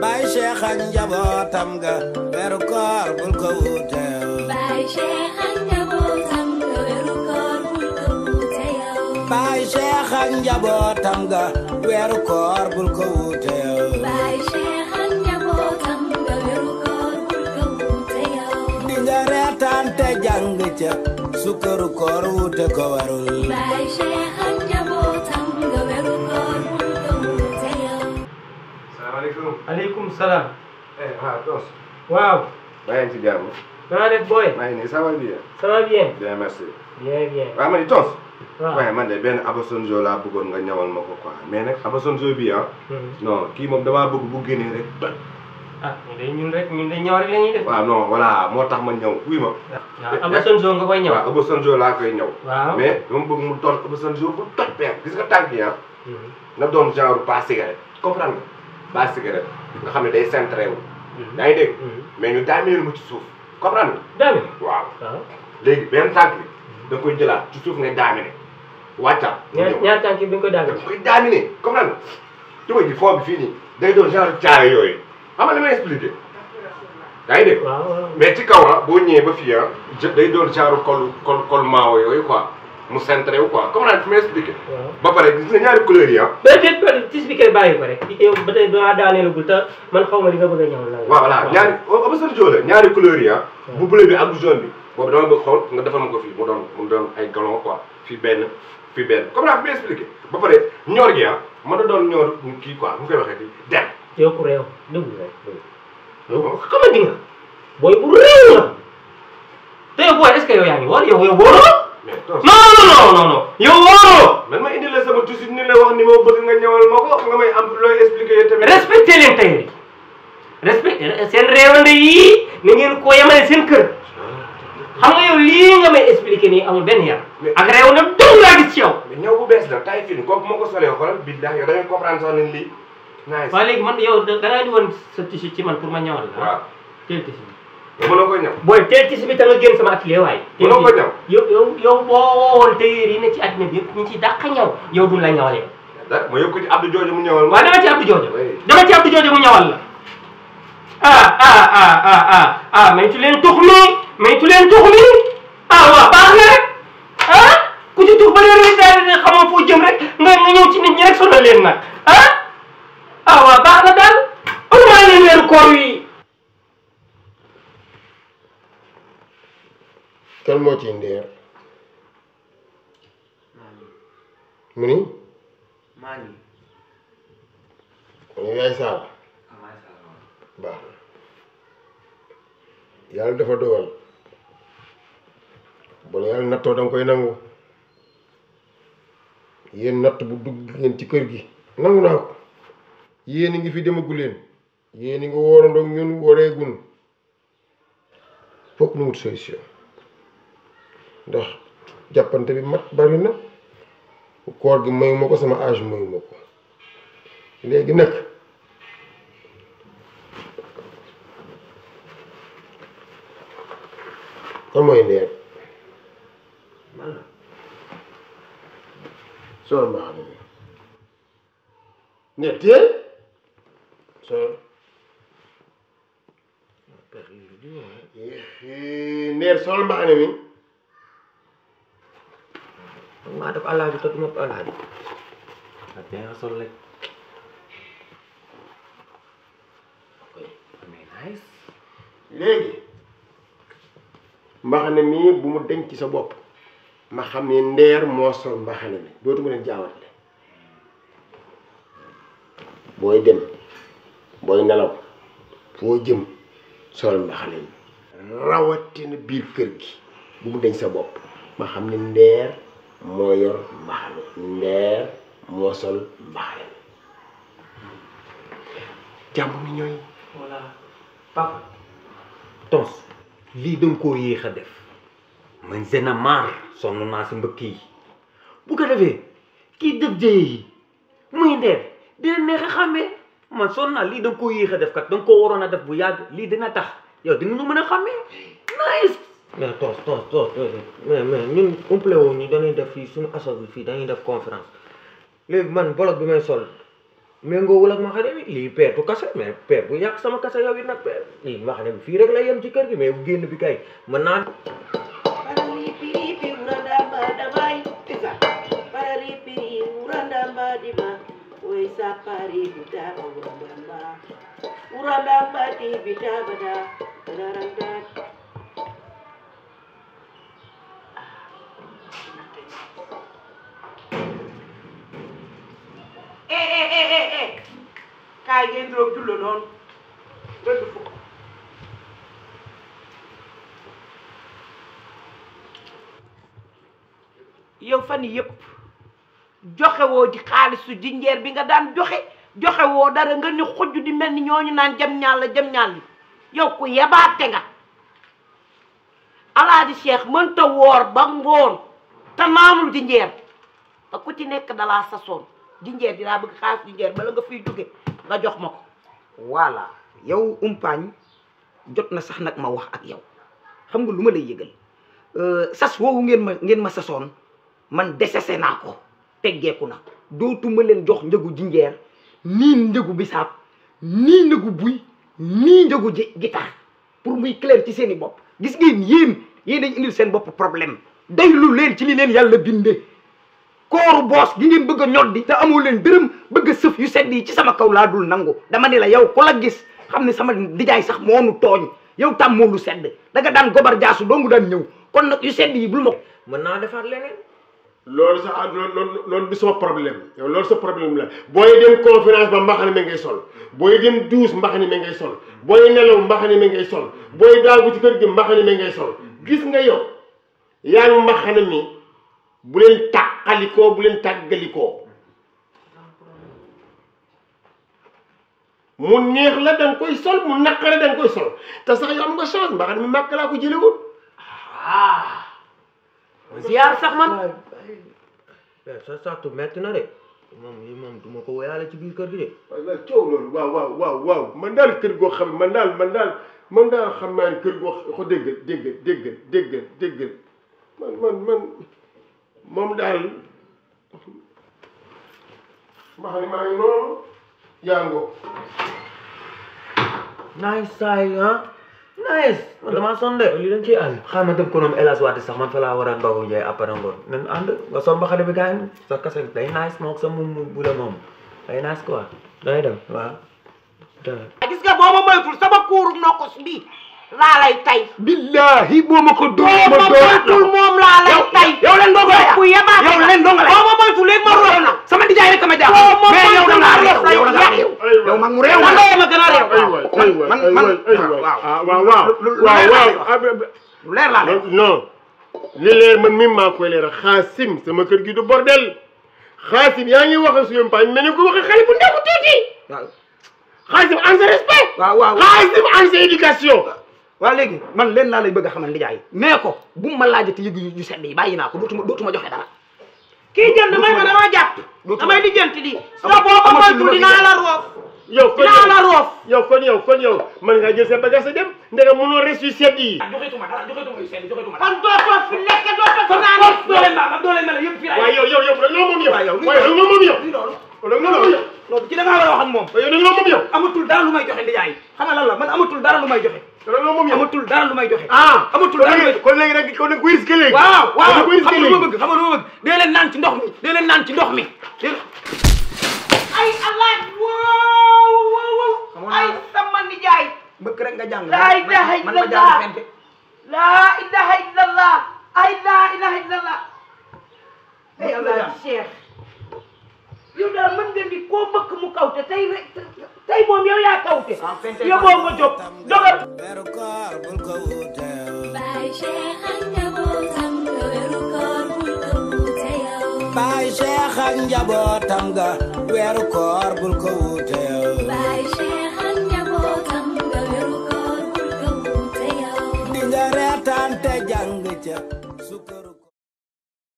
bay Cheikh ak njabootam ga weeru koor bul ko wuute bay Cheikh ak njabootam ga weeru koor bul ko wuute bay Cheikh ak njabootam ga weeru koor bul ko wuute bay Cheikh ak njabootam ga weeru koor bul ko wuute di nga reetaan te jàng ca sukkaru koor wuute ko warul bay Cheikh aleykum salam eh ha dos wow ngi ci jàmm. naa def booy. maa ngi ça va bien. ça va bien. bien merci. bien bien. ramani ma ni tons. waaw waaye man de benn abasonjo laa bëggoon nga ñawal mako quoi mais nak abasson jo bi ha non ki mom dama bëgg bu gëné rek ah ah day hmm. ñun rek ñun day ñaw rek la def. waaw non voilà moo tax ma ñaw wuy ma. waaw jo nga koy ñaw. waaw jo la koy ñaw. waaw mais dama bëgg mu doon jo bu toj pexe gis nga tànk ya na doon genre passé rek comprendre nga. baa cigarette nga xam ne day centré wu. yaa ngi dégg. Hmm. mais ñu daameel ma ci suuf comprendre nga. daameel waaw. Ah. léegi benn tànk bi hmm. da nga koy jëlaat ci suuf nga daamine wàccal. ñaar ñaar tànk bi nga koy daamine. da nga koy daamine comprendre nga. tuba ji bi fii nii day doon genre caare yooyu xam nga li may yaa ngi dégg. mais ci kaw ah boo ñëwee ba fii ah. day doon genre col col col maawo yooyu quoi. mu centré wu quoi comme naan fi may expliqué. ba pare gis nga ñaari couleurs yi ah. déedéet déedéet expliqué bàyyi ko rek. yow ba tey ba daaneelagul te man xaw ma li nga bëgg a ñëw lan la. waaw voilà ñaari observateur oh, oh, la ñaari couleurs yi ah. bu bleu bi ak bu jaune bi. boobu dama bëgg xool nga defal ma ko fii mu doon mu doon ay galon quoi fii benn fii benn comme naan fi may expliqué. ba pare ñor gi ah mën na doon ñor kii quoi mu koy waxee fii dem. yow ku réew déglu rek déglu. xamante nga booy bu réew la. te yow booy est-ce que yow yaa ngi war yow yow wóoroo. non non non non yow waroo. man ma indi la sama tusit ni la wax ni ma bëgg nga ñëwal ma ko nga may am looy expliquer tamit. respecté leen tailleur yi respecté seen réewande yii na ngeen ko yemale seen kër xam nga yow lii nga may expliquer nii amul benn yar. ak réewande dong laa gis ci yow. mais bu bees la taille fine kooku moo ko solee xoolal billahi yow da ngay comprendre sax leen lii. nice waaw léegi man yow da da ngaa di woon sa tusit ci man pour ma ñëwal la. Ah. waaw jël mënoo koy ñaw booy tey ci bi ta nga yo sama atelier waaye. mënoo koy ñaw ne ci àddina bi yëpp ñu ci dàq ñaw yow duñ la ñawalee. d'accord ma yëg ko ci Abdou Joojo mu ñawal. waaw dama ci a a dama ci Abdou Joojo mu ñawal a ah ah a ku ci tux ba léeg-léeg daal di ne xamoo foo jëm rek nga nga ñëw ci nit ñi rek sonal leen nag ah ah waaw baax na daal. on maa leen weeru kan mo ci ndeer muni mani mu ni yaay saala baax na dafa dogal bo la yàlla nattoo danga koy nangu yeen natt bu dug ngeen ci keur gi nangu na ko yeen ngi fi demaguleen yéen yeen ngi woorandoo ñun woreegun fokk nu wut solution ndax jàppante bi mat bari na koor gi mayu ko sama âge mayu ko léegi nag kan mooy sol mbaxana mi maa def alaaju te du ma alaaju. ah bien léegi mbaxane mii bu mu denc ci sa bopp ma xam ne ndeer moo sol mbaxane mi dootuma leen jaawatale booy dem booy nelaw foo jëm sol mbaxane mi rawatina biir kër gi bu mu denc sa bopp ma xam ne ndeer moo yor mbax mi ndeer moo sol mbax papa tons lii danga koo yéex a def man seen a maar sonn naa si kii yi bu ko defee kii def jëye yi muy ndeer dina neex a xàmmee man sonn naa lii danga koo yéex a def kat danga koo waroon a def bu yàgg lii dina tax yow di nu mën a xàmmee nice Ja, tos tos tos, tos, Nee, nee, nu umple o ni dani da fi sun asa fi dani da conference. Le man bolak bi may sol. Mengo wala ma xane bi li per to kassa mais per bu yak sama kassa yow nak per. Li ma xane bi fi rek la yam ci kër gi mais genn bi kay. Man na Parali piri pi uranda ba da bay. Tisa. Parali piri uranda ba di ma. Wei sa pari bi da uranda ba. Uranda ba di bi da ba da. ay gendro jullo noon yow fan yëpp joxe woo ji xaalisu jinjeer bi nga daan joxe joxe woo dara nga ni xujj di mel ni ñooñu naan jam ñaal la jëm ñaal li yow ku yebaate nga alaaji cheikh mënta woor ba ngoon te naanul jinjeer te ku ci nekk dalaa sasoon jinjeer dinaa bëgg xaalis jinjeer bala nga fiy jóge nga jox ma ko voilà yow umpaañ jot na sax nag ma wax ak yow xam nga lu ma lay yëgal euh, sas woowu ngeen ma ngeen ma sasoon man desese naa ko teggeeku na dootuma leen jox njëgu jinjeer nii njëgu bisaab nii njëgu buy njagu ji gitaar pour muy clair ci seen i bopp gis ngeen yéen yéen dañ indi seen bopp problème lu leen ci li leen yàlla binde kooru boos gi ngeen bëgg a ñoddi te amul leen dërëm bëgg sëf yu sedd yi ci sama kaw laa dul nangu dama ni la yow ku la gis xam ne sama dijaay sax moonu tooñ yow tam moolu sedd da nga daan gobar jaasu doongu daan ñëw kon nag yu sedd yi bul ma mën naa defaat leneen loolu sax ah loolu loolu du sama problème yow loolu sa problème la booy dem conférence ba mbaxane mi ngay sol booy dem douche mbaxane mi ngay sol booy nelaw mbaxane mi ngay sol booy daagu ci kër gi mbaxane mi ngay sol gis nga yow yaa ngi mbaxane mi بولين تاكاليكو بولين تاغاليكو مو نيه لا دانكوي سول مو ناكار دانكوي سول تا صاح mom dal ma xani ma ngi non yango nice say, ah nice man damaa sonn de dañ ci ànd xama dem ko non elas waati sax man fa la wara a ndogu jaay nice, ngoon nañ ànd nga son ba xade bi gaay sa day nice moom sa mum bu la mom day nice quoi day dem da ah, gis nga boo ma sama kuuru nokos bi la lay tay billahi boo ma ko dóor ma tay yow leen dong la ku yebaa yow leen dong la boo ma moytu léegi ma rof na sama nijaay rek ma jàpp mais yow da ngaa réew yow da ngaa réew yow man mu réew man yow ma gën a réew man man waaw waaw ah, ah, waaw waaw lu leer laa ah, leen non li leer man mi maa koy leer xaasim sama kër gi du bordel xaasim yaa ngi wax a suyam paañ mais ne ko wax a xale bu ndaw tuuti xaasim en sa respect xaasim en sa éducation waa léegi man leen laa lay bëgg a xamal ndijaay nee ko bu ma laajati yëg yu sedd yi bàyyi naa ko dootuma dootuma joxe dara kii jënd may ma dama jàpp damay di jënt di sa boo ko moytu dinaa la roof yow kon dinaa la roof yow kon yow kon yow mën nga jël sa bagage sa dem ndega mënoo res yu sedd yi ah, joxetuma dara joxetuma yu sedd joxetuma kon doo ko fi lekk doo ko fi naan doo leen mbaam doo leen mel yëpp fi waaw yow yow yow loo moom yow waaye yow loo moom yow loolu loolu loolu ci da ngaa war a wax ak moom yow da nga loo moom yow amatul dara lu may joxe ndijaay xanaa lan la man amatul dara lu may joxe loolu moom yow amatul dara lu may joxe. Ah, amatul dara lu may joxe kon léegi nag kon nag wér si léegi. waaw waaw xam nga lu ma bëgg xam nga lu ma bëgg dee leen naan ci ndox mi dee leen naan ci ndox mi. ay alaaj waaw waaw ay sama nijaay. mbëkk rek nga jàng. laa ilaha illallah man ma jàng fente. laa ilaha illallah ay laa ilaha illallah. ay alaaj Cheikh. yow daal mën nga ni koo bëgg mu kawte tey rek tey moom yow yaa kawte yow boo nga jóg dogal Baay Cheikh ak njabootam nga weeru koor bul ko wuute yow Baay Cheikh ak njabootam nga weeru koor bul ko wuute yow di nga reetaan te jàng ca